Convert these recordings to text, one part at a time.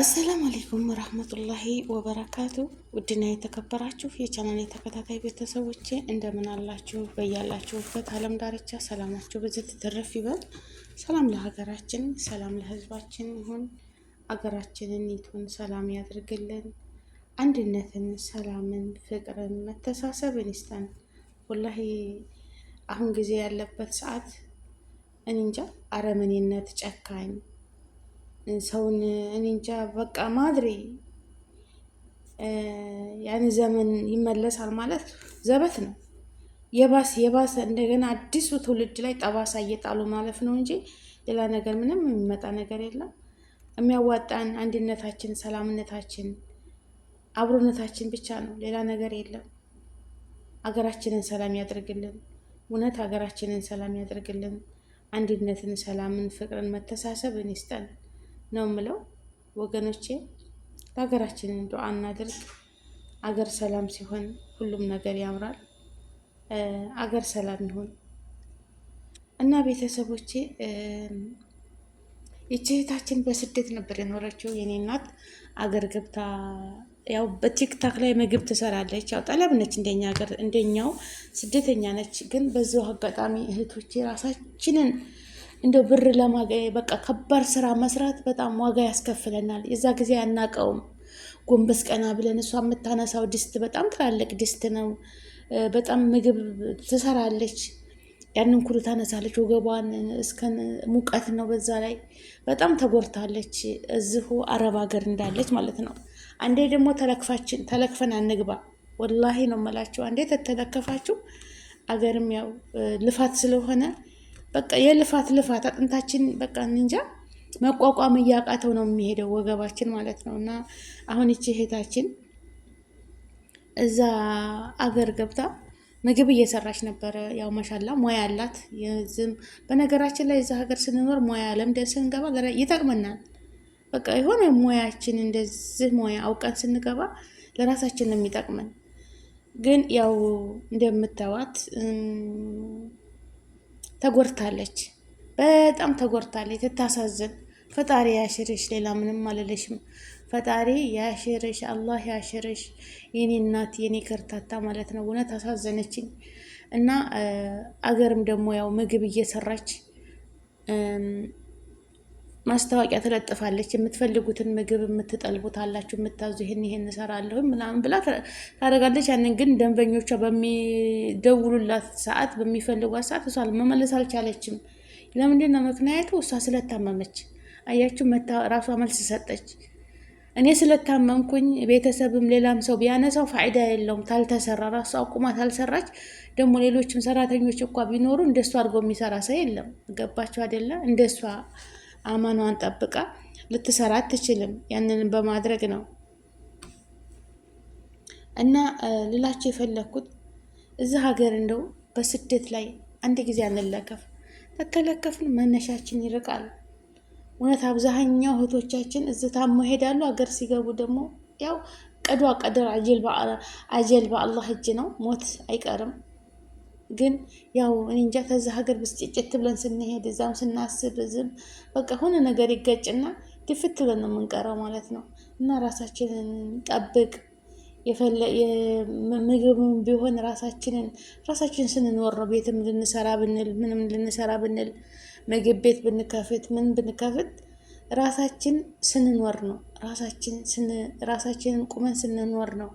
አሰላም አሌይኩም ረህመቱላሂ ወበረካቱ። ውድና የተከበራችሁ የቻናል የተከታታይ ቤተሰቦቼ እንደምን አላችሁ? በያላችሁበት አለም ዳርቻ ሰላማችሁ ብዝት ትርፍ ይበል። ሰላም ለሀገራችን፣ ሰላም ለሕዝባችን ይሁን። አገራችንን ይቱን ሰላም ያድርግልን። አንድነትን፣ ሰላምን፣ ፍቅርን፣ መተሳሰብን ይስጠን። ወላሂ አሁን ጊዜ ያለበት ሰዓት እንጃ አረመኔነት ጨካኝ ሰውን እኔ እንጃ በቃ ማድሬ ያን ዘመን ይመለሳል ማለት ዘበት ነው። የባስ የባሰ እንደገና አዲሱ ትውልድ ላይ ጠባሳ እየጣሉ ማለፍ ነው እንጂ ሌላ ነገር ምንም የሚመጣ ነገር የለም። የሚያዋጣን አንድነታችን፣ ሰላምነታችን፣ አብሮነታችን ብቻ ነው። ሌላ ነገር የለም። ሀገራችንን ሰላም ያደርግልን። እውነት ሀገራችንን ሰላም ያደርግልን። አንድነትን፣ ሰላምን፣ ፍቅርን፣ መተሳሰብን ይስጠን። ነው የምለው ወገኖቼ። ለሀገራችን ዱዓ እናድርግ። አገር ሰላም ሲሆን ሁሉም ነገር ያምራል። አገር ሰላም ይሁን እና ቤተሰቦቼ ይቺ እህታችን በስደት ነበር የኖረችው። የኔ እናት አገር ገብታ ያው በቲክታክ ላይ ምግብ ትሰራለች። ያው ጠለብ ነች፣ እንደኛ ሀገር እንደኛው ስደተኛ ነች። ግን በዚሁ አጋጣሚ እህቶቼ ራሳችንን እንደ ብር ለማገ በቃ ከባድ ስራ መስራት በጣም ዋጋ ያስከፍለናል። የዛ ጊዜ አናቀውም። ጎንበስ ቀና ብለን እሷ የምታነሳው ድስት በጣም ትላልቅ ድስት ነው። በጣም ምግብ ትሰራለች። ያንን ኩሉ ታነሳለች። ወገቧን እስከ ሙቀት ነው። በዛ ላይ በጣም ተጎድታለች። እዚሁ አረብ ሀገር እንዳለች ማለት ነው። አንዴ ደግሞ ተለክፋችን ተለክፈን አንግባ። ወላሂ ነው የምላችሁ። አንዴ ተተለከፋችሁ አገርም ያው ልፋት ስለሆነ በቃ የልፋት ልፋት አጥንታችን በቃ እንጃ መቋቋም እያቃተው ነው የሚሄደው ወገባችን ማለት ነው። እና አሁን ይቺ እህታችን እዛ አገር ገብታ ምግብ እየሰራች ነበረ። ያው ማሻላ ሙያ አላት። ዝም በነገራችን ላይ እዛ ሀገር ስንኖር ሙያ ለምደን ስንገባ ይጠቅመናል። በቃ የሆነ ሙያችን እንደዚህ ሙያ አውቀን ስንገባ ለራሳችን ነው የሚጠቅመን። ግን ያው እንደምታዋት ተጎድታለች፣ በጣም ተጎድታለች። ትታሳዝን። ፈጣሪ ያሽርሽ፣ ሌላ ምንም አልልሽም። ፈጣሪ ያሽርሽ፣ አላህ ያሽርሽ። የኔ እናት የኔ ከርታታ ማለት ነው። እውነት አሳዘነችኝ። እና አገርም ደግሞ ያው ምግብ እየሰራች ማስታወቂያ ትለጥፋለች። የምትፈልጉትን ምግብ የምትጠልቡት አላችሁ የምታዙ ይህን ይህን እሰራለሁ ምናምን ብላ ታደርጋለች። ያንን ግን ደንበኞቿ በሚደውሉላት ሰዓት፣ በሚፈልጓት ሰዓት እሷ መመለስ አልቻለችም። ለምንድን ነው ምክንያቱ? እሷ ስለታመመች። አያችሁ፣ ራሷ መልስ ሰጠች። እኔ ስለታመምኩኝ ቤተሰብም ሌላም ሰው ቢያነሳው ፋይዳ የለውም። ታልተሰራ ራሷ አቁማ ታልሰራች ደግሞ ሌሎችም ሰራተኞች እኳ ቢኖሩ እንደሷ አድርጎ የሚሰራ ሰው የለም። ገባችሁ አይደለ? እንደሷ አማኗን ጠብቃ ልትሰራ አትችልም። ያንንም በማድረግ ነው እና ልላቸው የፈለግኩት እዚህ ሀገር እንደው በስደት ላይ አንድ ጊዜ አንለከፍ ተተለከፍን መነሻችን ይርቃል። እውነት አብዛኛው እህቶቻችን እዚህ ታሞ ይሄዳሉ። ሀገር ሲገቡ ደግሞ ያው ቀዷ ቀደር አጀል በአላህ እጅ ነው፣ ሞት አይቀርም። ግን ያው እኔ እንጃ ከዛ ሀገር ብስጭጭት ብለን ስንሄድ እዛም ስናስብ ዝም በቃ ሆነ ነገር ይገጭና ድፍት ብለን ነው የምንቀረው ማለት ነው። እና ራሳችንን ጠብቅ ምግብም ቢሆን ራሳችንን ራሳችን ስንኖር ነው። ቤትም ልንሰራ ብንል ምንም ልንሰራ ብንል ምግብ ቤት ብንከፍት ምን ብንከፍት ራሳችን ስንኖር ነው። ራሳችንን ቁመን ስንኖር ነው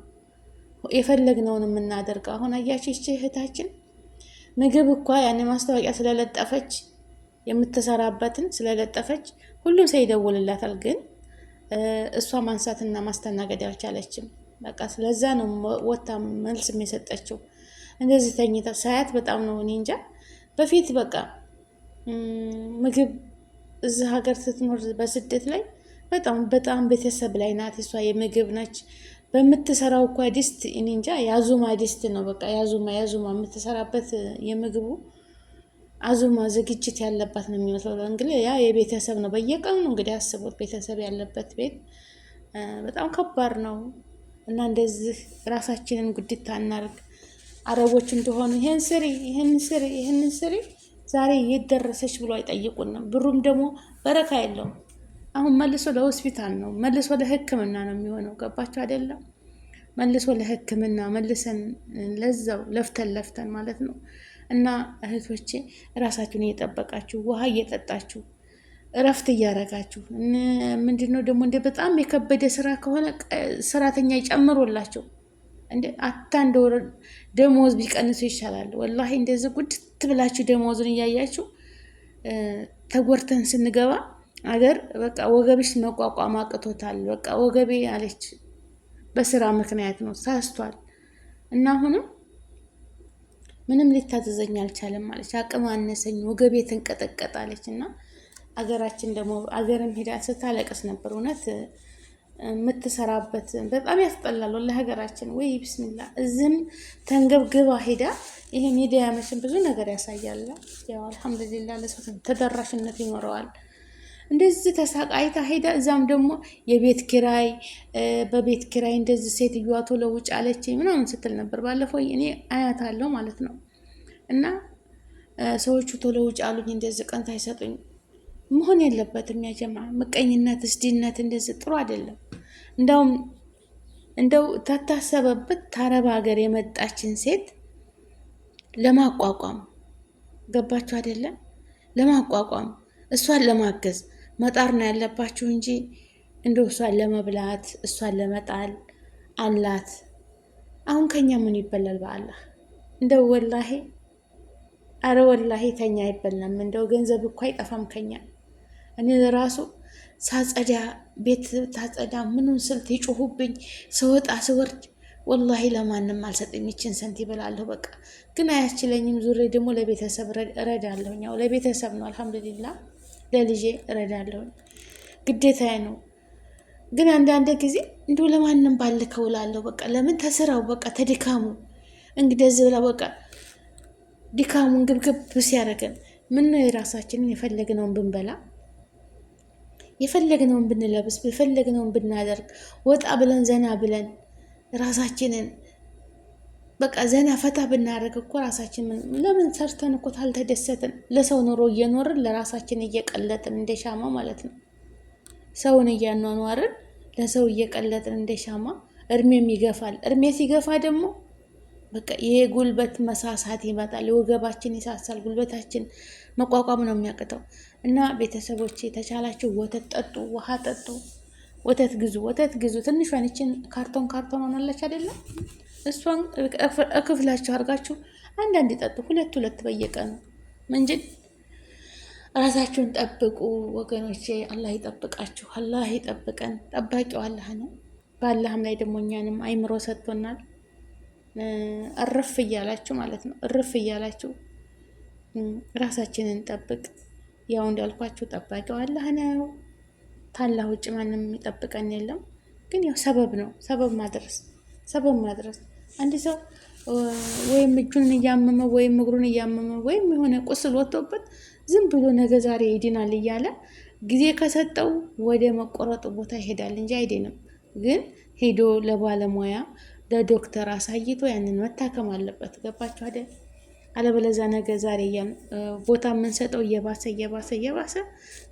የፈለግነውን የምናደርገው። አሁን አያችሽ እህታችን ምግብ እኳ ያን ማስታወቂያ ስለለጠፈች የምትሰራበትን ስለለጠፈች ሁሉም ሰው ይደውልላታል። ግን እሷ ማንሳትና ማስተናገድ አልቻለችም። በቃ ስለዛ ነው ወታ መልስም የሰጠችው። እንደዚህ ተኝታ ሳያት በጣም ነው እኔ እንጃ። በፊት በቃ ምግብ እዚህ ሀገር ስትኖር በስደት ላይ በጣም በጣም ቤተሰብ ላይ ናት። እሷ የምግብ ነች በምትሰራው እኳ ድስት እኔ እንጃ የአዙማ ድስት ነው። በቃ የአዙማ የአዙማ የምትሰራበት የምግቡ አዙማ ዝግጅት ያለባት ነው የሚመስለው። እንግዲህ ያ የቤተሰብ ነው። በየቀኑ ነው እንግዲህ አስቦት ቤተሰብ ያለበት ቤት በጣም ከባድ ነው እና እንደዚህ ራሳችንን ጉድታ እናርግ። አረቦች እንደሆኑ ይህን ስሪ፣ ይህን ስሪ፣ ይህን ስሪ ዛሬ የት ደረሰች ብሎ አይጠይቁንም። ብሩም ደግሞ በረካ የለውም። አሁን መልሶ ለሆስፒታል ነው መልሶ ለሕክምና ነው የሚሆነው። ገባቸው አይደለም? መልሶ ለሕክምና መልሰን ለዛው ለፍተን ለፍተን ማለት ነው። እና እህቶቼ እራሳችሁን እየጠበቃችሁ ውሃ እየጠጣችሁ እረፍት እያረጋችሁ ምንድነው ደግሞ እንደ በጣም የከበደ ስራ ከሆነ ሰራተኛ ይጨምሮላቸው እንደ አታ እንደ ደሞዝ ቢቀንሱ ይሻላል። ወላሂ እንደዚህ ጉድት ብላችሁ ደሞዝን እያያችሁ ተጎርተን ስንገባ አገር በቃ ወገብሽ መቋቋም አቅቶታል፣ በቃ ወገቤ አለች። በስራ ምክንያት ነው ሳስቷል። እና አሁንም ምንም ሊታዘዘኝ አልቻለም አለች። አቅም አነሰኝ፣ ወገቤ ተንቀጠቀጥ አለች። እና አገራችን ደግሞ አገርም ሄዳ ስታለቅስ ነበር እውነት የምትሰራበት በጣም ያስጠላል። ለሀገራችን ሀገራችን ወይ ብስሚላ እዝም ተንገብግባ ሄዳ ይሄ ሚዲያ መቼም ብዙ ነገር ያሳያል። ያው አልሐምዱሊላ ለሰው ተደራሽነት ይኖረዋል። እንደዚህ ተሳቃይታ ሄዳ እዛም ደግሞ የቤት ኪራይ በቤት ኪራይ እንደዚህ ሴትዮዋ ቶሎ ውጭ አለች ምናምን ስትል ነበር። ባለፈው እኔ አያት አለው ማለት ነው። እና ሰዎቹ ቶሎ ውጭ አሉኝ እንደዚህ ቀን አይሰጡኝ መሆን የለበትም ያጀማ ምቀኝነት፣ እስዲነት እንደዚህ ጥሩ አይደለም። እንደውም እንደው ታታሰበበት ታረብ ሀገር የመጣችን ሴት ለማቋቋም ገባችሁ አይደለም? ለማቋቋም እሷን ለማገዝ መጣር ነው ያለባችሁ እንጂ እንደ እሷን ለመብላት እሷን ለመጣል አላት። አሁን ከኛ ምን ይበላል? በአላህ እንደው ወላሄ አረ ወላሄ ከኛ አይበላም። እንደው ገንዘብ እኮ አይጠፋም ከኛ። እኔ ራሱ ሳጸዳ ቤት ታጸዳ ምኑን ስልት ይጮሁብኝ፣ ስወጣ ስወርድ፣ ወላሂ ለማንም አልሰጥም። ይችን ሰንት ይበላለሁ በቃ። ግን አያስችለኝም። ዙሬ ደግሞ ለቤተሰብ ረዳለሁ። ለቤተሰብ ነው አልሐምዱሊላህ ለልጄ እረዳለሁ፣ ግዴታዬ ነው። ግን አንዳንድ ጊዜ እንዲሁ ለማንም ባልከው እላለሁ። በቃ ለምን ተስራው በቃ ተድካሙ እንግደዝ ብላ በቃ ድካሙን ግብግብ ሲያደርገን ምን ነው የራሳችንን የፈለግነውን ብንበላ የፈለግነውን ብንለብስ የፈለግነውን ብናደርግ ወጣ ብለን ዘና ብለን ራሳችንን በቃ ዘና ፈታ ብናደርግ እኮ ራሳችን ለምን ሰርተን እኮ ታልተደሰትን ለሰው ኑሮ እየኖርን ለራሳችን እየቀለጥን እንደ ሻማ ማለት ነው። ሰውን እያኗኗርን ለሰው እየቀለጥን እንደ ሻማ እድሜም ይገፋል። እድሜ ሲገፋ ደግሞ በቃ ይሄ ጉልበት መሳሳት ይመጣል። የወገባችን ይሳሳል። ጉልበታችን መቋቋም ነው የሚያቅተው። እና ቤተሰቦች የተቻላችሁ ወተት ጠጡ፣ ውሃ ጠጡ፣ ወተት ግዙ፣ ወተት ግዙ። ትንሿን ይችን ካርቶን ካርቶን ሆናለች አይደለም እሷን እክፍላችሁ አድርጋችሁ አንዳንድ ጠጡ፣ ሁለት ሁለት በየቀኑ እንጂ ራሳችሁን ጠብቁ ወገኖቼ። አላህ ይጠብቃችሁ፣ አላህ ይጠብቀን። ጠባቂው አላህ ነው። በአላህም ላይ ደግሞ እኛንም አይምሮ ሰጥቶናል። እርፍ እያላችሁ ማለት ነው። እርፍ እያላችሁ ራሳችንን ጠብቅ። ያው እንዳልኳችሁ ጠባቂው አላህ ነው። ታላ ውጭ ማንም የሚጠብቀን የለም። ግን ያው ሰበብ ነው፣ ሰበብ ማድረስ፣ ሰበብ ማድረስ አንድ ሰው ወይም እጁን እያመመ ወይም እግሩን እያመመ ወይም የሆነ ቁስል ወጥቶበት ዝም ብሎ ነገ ዛሬ ይድናል እያለ ጊዜ ከሰጠው ወደ መቆረጡ ቦታ ይሄዳል እንጂ አይድንም። ግን ሄዶ ለባለሙያ ለዶክተር አሳይቶ ያንን መታከም አለበት። ገባችሁ አይደል? አለበለዛ ነገ ዛሬ ቦታ የምንሰጠው እየባሰ እየባሰ እየባሰ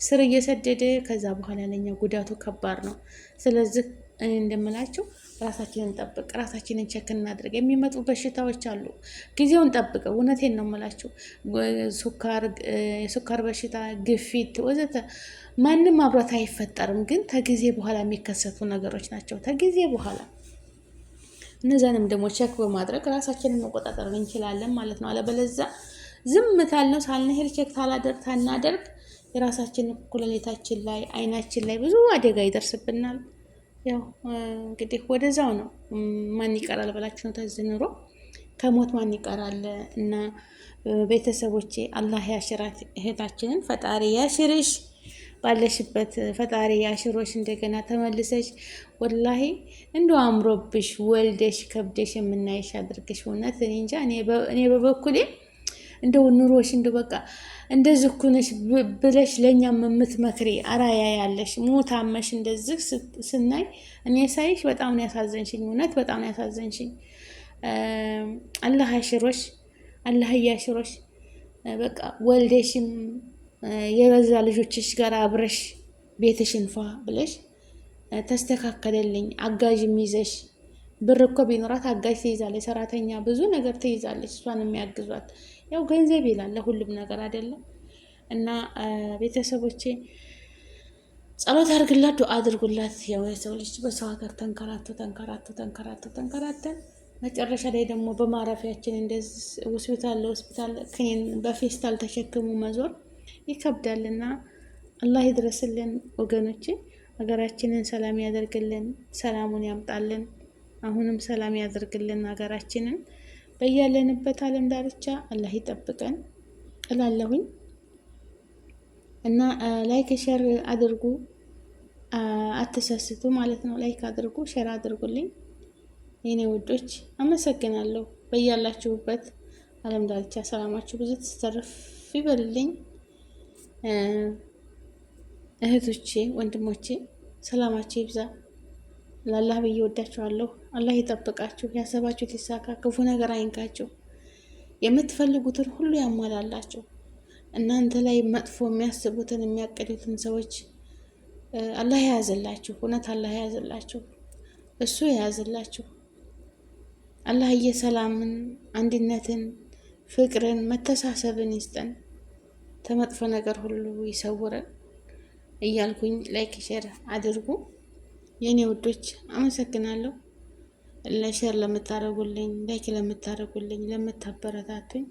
ስር እየሰደደ ከዛ በኋላ ለኛ ጉዳቱ ከባድ ነው። ስለዚህ እኔ እንደምላቸው ራሳችንን ጠብቅ፣ ራሳችንን ቸክ እናድርግ። የሚመጡ በሽታዎች አሉ፣ ጊዜውን ጠብቀው። እውነቴን ነው የምላችሁ። የሱካር በሽታ፣ ግፊት ወዘተ ማንም አብሮት አይፈጠርም፣ ግን ከጊዜ በኋላ የሚከሰቱ ነገሮች ናቸው። ከጊዜ በኋላ እነዛንም ደግሞ ቸክ በማድረግ ራሳችንን መቆጣጠር እንችላለን ማለት ነው። አለበለዛ ዝም ካልነው ሳልንሄድ ቸክ ታላደርግ ታናደርግ የራሳችን ኩላሊታችን ላይ አይናችን ላይ ብዙ አደጋ ይደርስብናል። ያው እንግዲህ ወደዛው ነው። ማን ይቀራል ብላችሁ ነው ተዝ ኑሮ ከሞት ማን ይቀራል? እና ቤተሰቦቼ አላህ ያሽራት እህታችንን፣ ፈጣሪ ያሽርሽ፣ ባለሽበት ፈጣሪ ያሽሮሽ። እንደገና ተመልሰሽ ወላሂ እንደ አምሮብሽ ወልደሽ ከብደሽ የምናይሽ አድርግሽ። እውነት እኔ እንጃ እኔ በበኩሌ እንደው ኑሮሽ እንደው በቃ እንደዚህ እኮ ነሽ ብለሽ ለእኛም የምትመክሪ አራያ ያለሽ ሞታመሽ እንደዚህ ስናይ እኔ ሳይሽ በጣም ነው ያሳዘንሽኝ። እውነት በጣም ነው ያሳዘንሽኝ። አላህ ያሽሮሽ፣ አላህ ያሽሮሽ። በቃ ወልደሽም የበዛ ልጆችሽ ጋር አብረሽ ቤትሽን ፏ ብለሽ ተስተካከለልኝ አጋዥም ይዘሽ ብር እኮ ቢኖራት አጋዥ ትይዛለች፣ ሰራተኛ ብዙ ነገር ትይዛለች፣ እሷን የሚያግዟት ያው ገንዘብ ይላል ለሁሉም ነገር አይደለም። እና ቤተሰቦቼ ጸሎት አድርግላት፣ ዱአ አድርጉላት። ያው የሰው ልጅ በሰው ሀገር ተንከራቶ ተንከራቶ ተንከራቶ ተንከራተን መጨረሻ ላይ ደግሞ በማረፊያችን እንደዚህ ሆስፒታል ለሆስፒታል ክኒን በፌስታል ተሸክሙ መዞር ይከብዳልና አላህ ይድረስልን ወገኖቼ። ሀገራችንን ሰላም ያደርግልን፣ ሰላሙን ያምጣልን። አሁንም ሰላም ያደርግልን ሀገራችንን በያለንበት ዓለም ዳርቻ አላህ ይጠብቀን እላለሁኝ እና ላይክ ሸር አድርጉ፣ አትሰስቱ ማለት ነው። ላይክ አድርጉ፣ ሸር አድርጉልኝ የኔ ውዶች፣ አመሰግናለሁ። በያላችሁበት ዓለም ዳርቻ ሰላማችሁ ብዙ ትተርፍ ይበልልኝ። እህቶቼ፣ ወንድሞቼ ሰላማችሁ ይብዛ። ለአላህ ብዬ ወዳችኋለሁ። አላህ ይጠብቃችሁ፣ ያሰባችሁት ይሳካ፣ ክፉ ነገር አይንካችሁ፣ የምትፈልጉትን ሁሉ ያሟላላችሁ። እናንተ ላይ መጥፎ የሚያስቡትን የሚያቅዱትን ሰዎች አላህ የያዘላችሁ፣ እውነት አላህ የያዘላችሁ፣ እሱ የያዘላችሁ አላህ ሰላምን፣ አንድነትን፣ ፍቅርን፣ መተሳሰብን ይስጠን፣ ተመጥፎ ነገር ሁሉ ይሰውረን እያልኩኝ ላይክ ሼር አድርጉ። የእኔ ውዶች አመሰግናለሁ። ለሸር ለምታደርጉልኝ፣ ላይክ ለምታደርጉልኝ፣ ለምታበረታቱኝ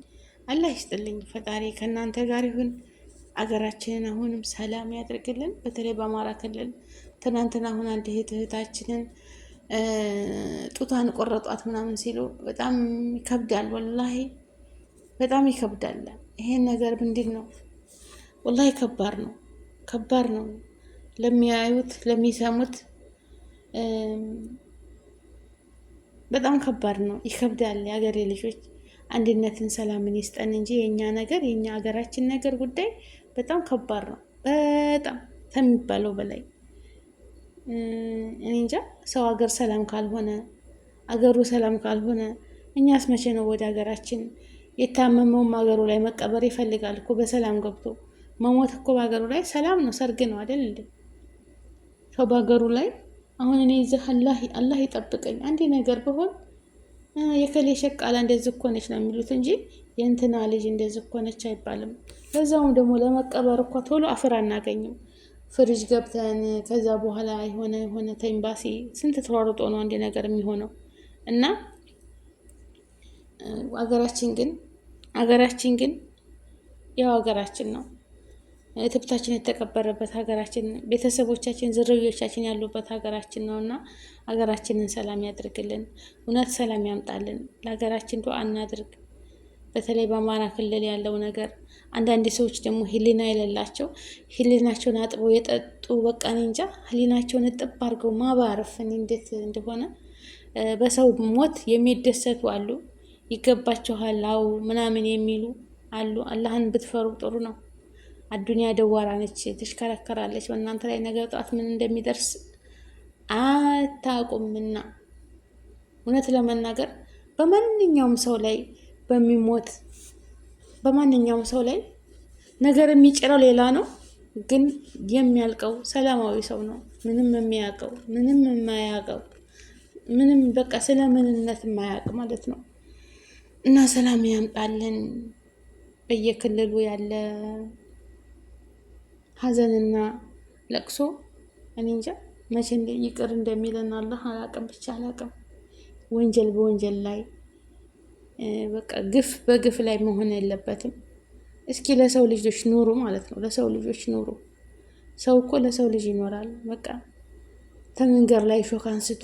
አላህ ይስጥልኝ። ፈጣሪ ከእናንተ ጋር ይሁን። አገራችንን አሁንም ሰላም ያደርግልን። በተለይ በአማራ ክልል ትናንትና አሁን አንድ እህት እህታችንን ጡቷን ቆረጧት ምናምን ሲሉ በጣም ይከብዳል፣ ወላሂ በጣም ይከብዳል። ይሄን ነገር ምንድን ነው ወላሂ ከባድ ነው፣ ከባድ ነው ለሚያዩት ለሚሰሙት በጣም ከባድ ነው፣ ይከብዳል። የሀገሬ ልጆች አንድነትን፣ ሰላምን ይስጠን እንጂ የእኛ ነገር የእኛ ሀገራችን ነገር ጉዳይ በጣም ከባድ ነው። በጣም ከሚባለው በላይ እኔ እንጃ። ሰው ሀገር ሰላም ካልሆነ አገሩ ሰላም ካልሆነ እኛስ መቼ ነው ወደ ሀገራችን? የታመመውም ሀገሩ ላይ መቀበር ይፈልጋል እኮ በሰላም ገብቶ መሞት እኮ በሀገሩ ላይ ሰላም ነው፣ ሰርግ ነው አይደል? ሰው በሀገሩ ላይ አሁን እኔ ይዘህ አላህ ይጠብቀኝ አንድ ነገር ብሆን የከሌ ሸቃላ እንደዚህ እኮ ነች ነው የሚሉት እንጂ የእንትና ልጅ እንደዚህ እኮ ነች አይባልም። ከዛውም ደግሞ ለመቀበር እኳ ቶሎ አፈር አናገኝም። ፍሪጅ ገብተን ከዛ በኋላ የሆነ የሆነ ተኤምባሲ ስንት ተሯርጦ ነው አንዴ ነገር የሚሆነው እና አገራችን ግን አገራችን ግን ያው አገራችን ነው። ትብታችን የተቀበረበት ሀገራችን፣ ቤተሰቦቻችን፣ ዝርዮቻችን ያሉበት ሀገራችን ነው እና ሀገራችንን ሰላም ያድርግልን፣ እውነት ሰላም ያምጣልን። ለሀገራችን ዱዓ እናድርግ። በተለይ በአማራ ክልል ያለው ነገር አንዳንድ ሰዎች ደግሞ ህሊና የሌላቸው ህሊናቸውን አጥበው የጠጡ በቃን እንጃ ህሊናቸውን እጥብ አድርገው ማባረፍን እንዴት እንደሆነ በሰው ሞት የሚደሰቱ አሉ፣ ይገባችኋል አው ምናምን የሚሉ አሉ። አላህን ብትፈሩ ጥሩ ነው። አዱኒያ ደዋራ ነች፣ ትሽከረከራለች። በእናንተ ላይ ነገ ጠዋት ምን እንደሚደርስ አታቁምና እውነት ለመናገር በማንኛውም ሰው ላይ በሚሞት በማንኛውም ሰው ላይ ነገር የሚጭረው ሌላ ነው፣ ግን የሚያልቀው ሰላማዊ ሰው ነው። ምንም የሚያውቀው ምንም የማያውቀው ምንም በቃ ስለ ምንነት የማያውቅ ማለት ነው። እና ሰላም ያምጣልን በየክልሉ ያለ ሀዘንና ለቅሶ እኔ እንጃ መቼ ይቅር እንደሚለን አላህ አላቅም፣ ብቻ አላቅም። ወንጀል በወንጀል ላይ በቃ ግፍ በግፍ ላይ መሆን የለበትም። እስኪ ለሰው ልጆች ኑሩ ማለት ነው። ለሰው ልጆች ኑሩ። ሰው እኮ ለሰው ልጅ ይኖራል። በቃ ከመንገድ ላይ ሾክ አንስቶ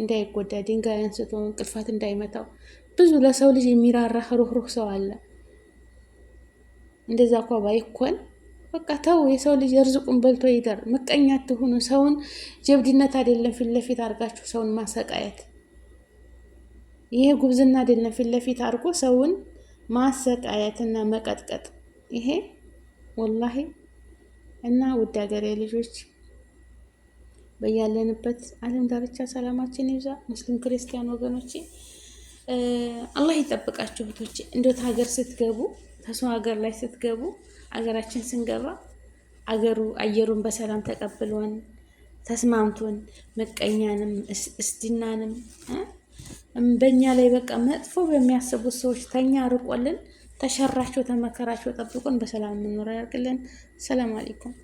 እንዳይጎዳ ድንጋይ አንስቶ እንቅልፋት እንዳይመታው ብዙ ለሰው ልጅ የሚራራ ሩህሩህ ሰው አለ። እንደዛ እኳ ባይኮን በቃ ተው፣ የሰው ልጅ እርዝቁን በልቶ ይደር። ምቀኛ ትሆኑ ሰውን ጀብድነት አይደለም ፊት ለፊት አድርጋችሁ ሰውን ማሰቃየት። ይሄ ጉብዝና አይደለም ፊት ለፊት አድርጎ ሰውን ማሰቃየትና መቀጥቀጥ ይሄ ወላሂ እና ውድ ሀገሬ ልጆች በያለንበት ዓለም ዳርቻ ሰላማችን ይብዛ። ሙስሊም ክርስቲያን ወገኖች አላህ ይጠብቃችሁ። እህቶቼ እንደት ሀገር ስትገቡ ከሰው ሀገር ላይ ስትገቡ አገራችን ስንገባ አገሩ አየሩን በሰላም ተቀብሎን ተስማምቶን መቀኛንም እስድናንም በእኛ ላይ በቃ መጥፎ በሚያስቡት ሰዎች ተኛ ርቆልን ተሸራቸው ተመከራቸው ጠብቆን በሰላም የምኖረው ያርግልን። ሰላም አለይኩም።